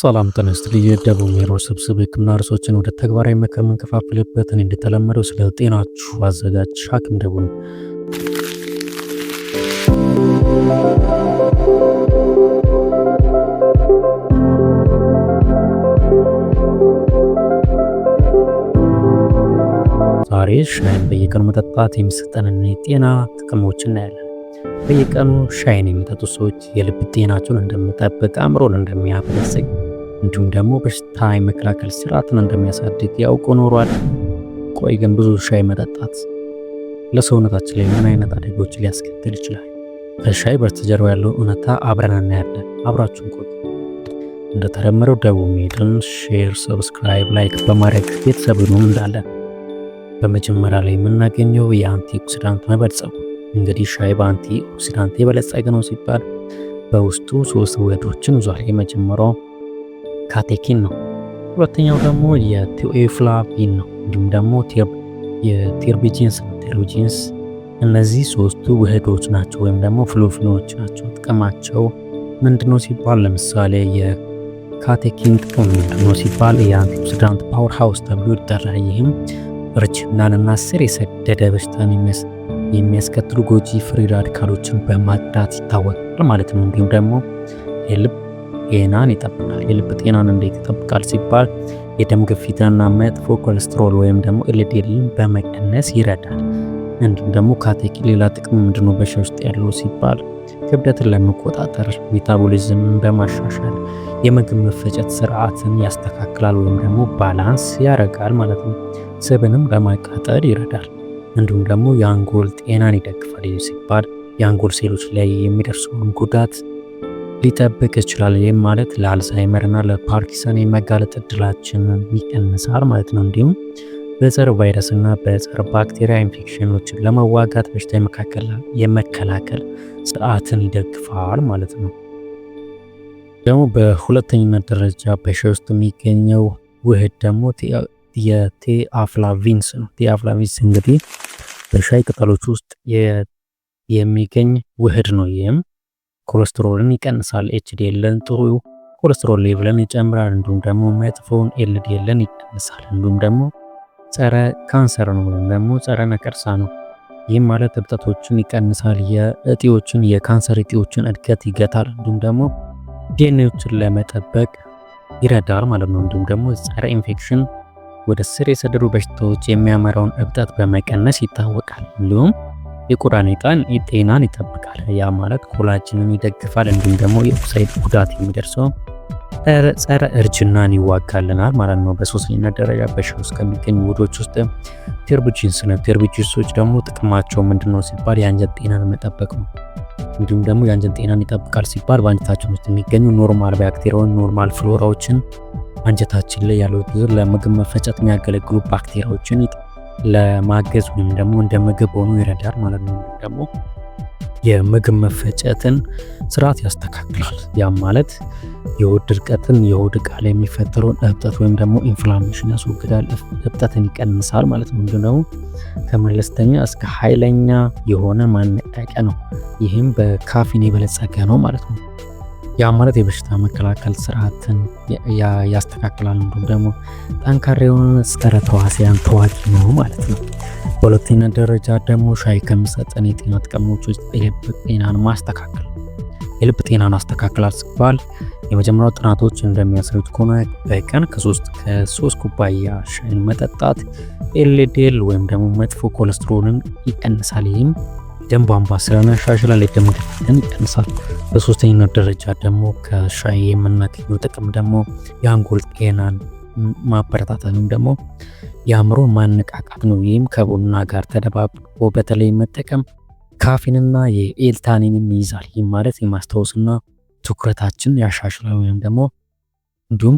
ሰላም ጥንስት ይስጥልኝ። የደቡብ ሜሮች ስብስብ ወደ ተግባራዊ ምክር የምንከፋፍልበትን እንደተለመደው ስለ ጤናችሁ አዘጋጅ ሐኪም ደቡ። ዛሬ ሻይን በየቀኑ መጠጣት የሚሰጠንን የጤና ጥቅሞች እናያለን። በየቀኑ ሻይን የሚጠጡ ሰዎች የልብ ጤናቸውን እንደሚጠብቅ፣ አእምሮን እንደሚያበለጽግ እንዲሁም ደግሞ በሽታ የመከላከል ስርዓትን እንደሚያሳድግ ያውቆ ኖሯል። ቆይ ግን ብዙ ሻይ መጠጣት ለሰውነታችን ላይ ምን አይነት አደጋዎች ሊያስከትል ይችላል? ከሻይ በስተጀርባ ያለው እውነታ አብረን እናያለን። አብራችሁን ቆዩ። እንደተለመደው ደቡብ ሜድን ሼር፣ ሰብስክራይብ፣ ላይክ በማድረግ ቤተሰብ እንዳለን። በመጀመሪያ ላይ የምናገኘው የአንቲ ኦክሲዳንት መበልጸጉ። እንግዲህ ሻይ በአንቲ ኦክሲዳንት የበለጸገ ነው ሲባል በውስጡ ሶስት ውህዶችን ይዟል። የመጀመሪያው ካቴኪን ነው። ሁለተኛው ደግሞ የቴኦፍላቪን ነው። እንዲሁም ደግሞ የቴርቢጂንስ ነው። ቴርቢጂንስ እነዚህ ሶስቱ ውህዶች ናቸው፣ ወይም ደግሞ ፍሎፍሎች ናቸው። ጥቅማቸው ምንድነው ሲባል ለምሳሌ የካቴኪን ጥቅም ምንድነው ሲባል የአንቲኦክሲዳንት ፓወር ሃውስ ተብሎ ይጠራል። ይህም እርጅናንና ስር የሰደደ በሽታን የሚያስከትሉ ጎጂ ፍሪ ራዲካሎችን በማጽዳት ይታወቃል ማለት ነው። እንዲሁም ደግሞ የልብ ጤናን ይጠብቃል። የልብ ጤናን እንዴት ይጠብቃል ሲባል የደም ግፊትና መጥፎ ኮሌስትሮል ወይም ደግሞ ኤልዲኤልን በመቀነስ ይረዳል። እንዲሁም ደግሞ ካቴኪ ሌላ ጥቅም ምንድነው በሻይ ውስጥ ያለው ሲባል ክብደትን ለመቆጣጠር ሜታቦሊዝምን በማሻሻል የምግብ መፈጨት ስርዓትን ያስተካክላል ወይም ደግሞ ባላንስ ያረጋል ማለት ነው። ስብንም በማቃጠል ይረዳል። እንዲሁም ደግሞ የአንጎል ጤናን ይደግፋል ሲባል የአንጎል ሴሎች ላይ የሚደርሰውን ጉዳት ሊጠብቅ ይችላል። ይህም ማለት ለአልዛይመር እና ለፓርኪንሰን የመጋለጥ እድላችንን ይቀንሳል ማለት ነው። እንዲሁም በጸረ ቫይረስ እና በጸረ ባክቴሪያ ኢንፌክሽኖችን ለመዋጋት በሽታ የመከላከል ስርዓትን ይደግፋል ማለት ነው። ደግሞ በሁለተኝነት ደረጃ በሻይ ውስጥ የሚገኘው ውህድ ደግሞ የቴአፍላቪንስ ነው። ቴአፍላቪንስ እንግዲህ በሻይ ቅጠሎች ውስጥ የሚገኝ ውህድ ነው። ይህም ኮለስትሮልን ይቀንሳል። ኤችዲኤልን ጥሩ ኮለስትሮል ሌቭልን ይጨምራል። እንዲሁም ደግሞ መጥፎውን ኤልዲኤልን ይቀንሳል። እንዲሁም ደግሞ ጸረ ካንሰር ነው ወይም ደግሞ ጸረ ነቀርሳ ነው። ይህም ማለት እብጠቶችን ይቀንሳል። የእጢዎችን የካንሰር እጢዎችን እድገት ይገታል። እንዲሁም ደግሞ ዲኤንኤዎችን ለመጠበቅ ይረዳል ማለት ነው። እንዲሁም ደግሞ ጸረ ኢንፌክሽን ወደ ስር የሰደዱ በሽታዎች የሚያመራውን እብጠት በመቀነስ ይታወቃል። እንዲሁም የቁራን ዕጣን ጤናን ይጠብቃል። ያ ማለት ኮላጅንን ይደግፋል። እንዲሁም ደግሞ የኦክሳይድ ጉዳት የሚደርሰው ጸረ እርጅናን ይዋጋልናል ማለት ነው። በሶስተኛ ደረጃ በሻይ ውስጥ ከሚገኙ ውህዶች ውስጥ ቴርብጅንስ ነው። ቴርብጅንሶች ደግሞ ጥቅማቸው ምንድነው ሲባል የአንጀት ጤናን መጠበቅ ነው። እንዲሁም ደግሞ የአንጀት ጤናን ይጠብቃል ሲባል በአንጀታችን ውስጥ የሚገኙ ኖርማል ባክቴሪያውን ኖርማል ፍሎራዎችን አንጀታችን ላይ ያሉት ለምግብ መፈጨት የሚያገለግሉ ባክቴሪያዎችን ይጠ ለማገዝ ወይም ደግሞ እንደ ምግብ ሆኖ ይረዳል ማለት ነው። ወይም ደግሞ የምግብ መፈጨትን ስርዓት ያስተካክላል። ያም ማለት የሆድ ድርቀትን፣ የሆድ ቃል የሚፈጠረውን እብጠት ወይም ደግሞ ኢንፍላሜሽን ያስወግዳል፣ እብጠትን ይቀንሳል ማለት ነው። እንዲሁም ደግሞ ከመለስተኛ እስከ ኃይለኛ የሆነ ማነቃቂያ ነው። ይህም በካፊን የበለጸገ ነው ማለት ነው። ያ ማለት የበሽታ መከላከል ስርዓትን ያስተካክላል። እንዲሁም ደግሞ ጠንካሬውን የሆነ ጸረ ተዋሲያን ተዋጊ ነው ማለት ነው። በሁለተኛ ደረጃ ደግሞ ሻይ ከሚሰጠን የጤና ጥቅሞች ውስጥ የልብ ጤናን ማስተካከል የልብ ጤናን አስተካክላል ሲባል የመጀመሪያው ጥናቶች እንደሚያሳዩት ከሆነ በቀን ከሶስት ከሶስት ኩባያ ሻይን መጠጣት ኤልዲኤል ወይም ደግሞ መጥፎ ኮለስትሮልን ይቀንሳል። ይህም የደም ቧንቧ ስራን ያሻሽላል። የደም ግፊትን ይቀንሳል። በሶስተኛው ደረጃ ደግሞ ከሻይ የምናገኘው ጥቅም ደግሞ የአንጎል ጤናን ማበረታታት ነው፣ ደግሞ የአእምሮ ማነቃቃት ነው። ይህም ከቡና ጋር ተደባብቆ በተለይ መጠቀም ካፊንና የኤልታኒንን ይይዛል። ይህም ማለት የማስታወስና ትኩረታችን ያሻሽላል ወይም ደግሞ እንዲሁም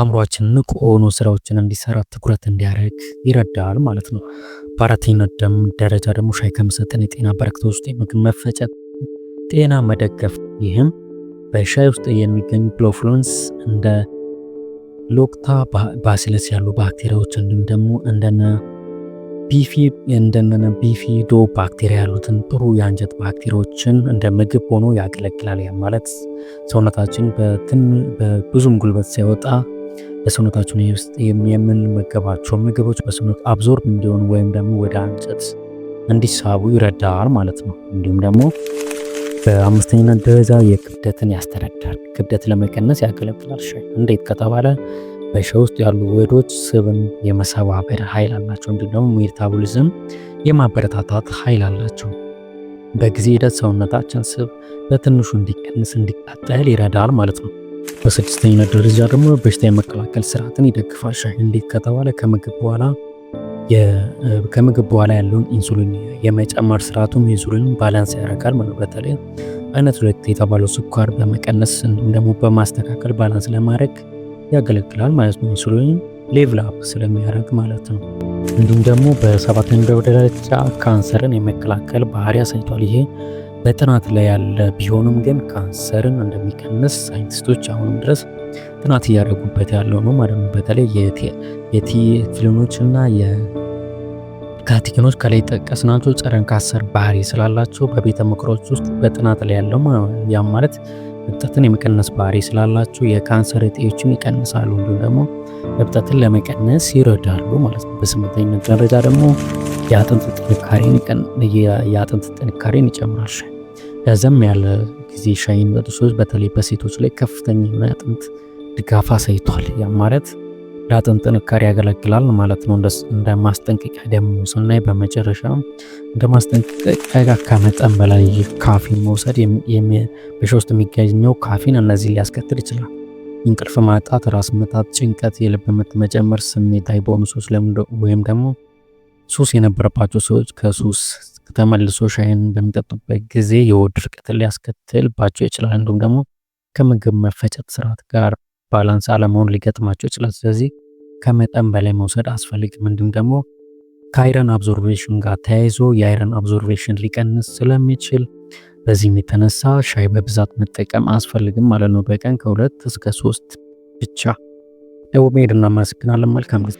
አእምሯችን ንቁ ሆኖ ስራዎችን እንዲሰራ ትኩረት እንዲያደርግ ይረዳል ማለት ነው። በአራተኛ ደረጃ ደግሞ ሻይ ከመሰጠን የጤና በረክቶ ውስጥ የምግብ መፈጨት ጤና መደገፍ፣ ይህም በሻይ ውስጥ የሚገኙ ፍላቮኖይድስ እንደ ሎክታ ባሲለስ ያሉ ባክቴሪያዎች እንዲሁም ደግሞ እንደነ ቢፊ እንደነ ቢፊዶ ባክቴሪያ ያሉትን ጥሩ የአንጀት ባክቴሪያዎችን እንደ ምግብ ሆኖ ያገለግላል። ያ ማለት ሰውነታችን በብዙም ጉልበት ሳይወጣ በሰውነታችን ውስጥ የምንመገባቸው ምግቦች በሰውነት አብዞርብ እንዲሆኑ ወይም ደግሞ ወደ አንጀት እንዲሳቡ ይረዳል ማለት ነው። እንዲሁም ደግሞ በአምስተኛ ደረጃ የክብደትን ያስተረዳል። ክብደት ለመቀነስ ያገለግላል። ሻይ እንዴት ከተባለ በሻይ ውስጥ ያሉ ውህዶች ስብን የመሰባበር ኃይል አላቸው። እንዲሁም ደግሞ ሜታቦሊዝም የማበረታታት ኃይል አላቸው። በጊዜ ሂደት ሰውነታችን ስብ በትንሹ እንዲቀንስ እንዲቃጠል ይረዳል ማለት ነው። በስድስተኛ ደረጃ ደግሞ በሽታ የመከላከል ስርዓትን ይደግፋል። እንዴት ከተባለ ከምግብ በኋላ ከምግብ በኋላ ያለውን ኢንሱሊን የመጨመር ስርዓቱም ኢንሱሊን ባላንስ ያደርጋል ማለት በተለይ አይነት ሁለት የተባለው ስኳር በመቀነስ እንዲሁም ደግሞ በማስተካከል ባላንስ ለማድረግ ያገለግላል ማለት ነው። ኢንሱሊን ሌቭል አፕ ስለሚያደርግ ማለት ነው። እንዲሁም ደግሞ በሰባተኛ ደረጃ ካንሰርን የመከላከል ባህሪ አሳይቷል። ይሄ በጥናት ላይ ያለ ቢሆንም ግን ካንሰርን እንደሚቀንስ ሳይንቲስቶች አሁንም ድረስ ጥናት እያደረጉበት ያለው ነው ማለት ነው። በተለይ የቲፍሊኖች እና የካቲኪኖች ከላይ ጠቀስናቸው ጸረ ካንሰር ባህሪ ስላላቸው በቤተ ምክሮች ውስጥ በጥናት ላይ ያለው ያም ማለት እብጠትን የመቀነስ ባህሪ ስላላቸው የካንሰር እጤዎችን ይቀንሳሉ፣ እንዲሁም ደግሞ እብጠትን ለመቀነስ ይረዳሉ ማለት ነው። በስምንተኛ ደረጃ ደግሞ የአጥንት ጥንካሬን ይጨምራል። ረዘም ያለ ጊዜ ሻይ ሻይን ሰዎች በተለይ በሴቶች ላይ ከፍተኛ የሆነ አጥንት ድጋፍ አሳይቷል። ያ ማለት ለአጥንት ጥንካሬ ያገለግላል ማለት ነው። እንደ ማስጠንቀቂያ ደግሞ ስናይ በመጨረሻ እንደ ማስጠንቀቂያ ከመጠን በላይ ካፊን መውሰድ በሻይ ውስጥ የሚገኘው ካፊን እነዚህ ሊያስከትል ይችላል። እንቅልፍ ማጣት፣ ራስ ምታት፣ ጭንቀት፣ የልብ ምት መጨመር፣ ስሜታዊ በሆኑ ሰዎች ወይም ደግሞ ሱስ የነበረባቸው ሰዎች ከሱስ ተመልሶ ሻይን በሚጠጡበት ጊዜ የሆድ ድርቀትን ሊያስከትልባቸው ይችላል። እንዲሁም ደግሞ ከምግብ መፈጨት ስርዓት ጋር ባላንስ አለመሆን ሊገጥማቸው ይችላል። ስለዚህ ከመጠን በላይ መውሰድ አስፈልግም። እንዲሁም ደግሞ ከአይረን አብዞርቬሽን ጋር ተያይዞ የአይረን አብዞርቬሽን ሊቀንስ ስለሚችል በዚህም የተነሳ ሻይ በብዛት መጠቀም አስፈልግም ማለት ነው። በቀን ከሁለት እስከ ሶስት ብቻ። ደቡብ መሄድ እናመሰግናለን። መልካም ጊዜ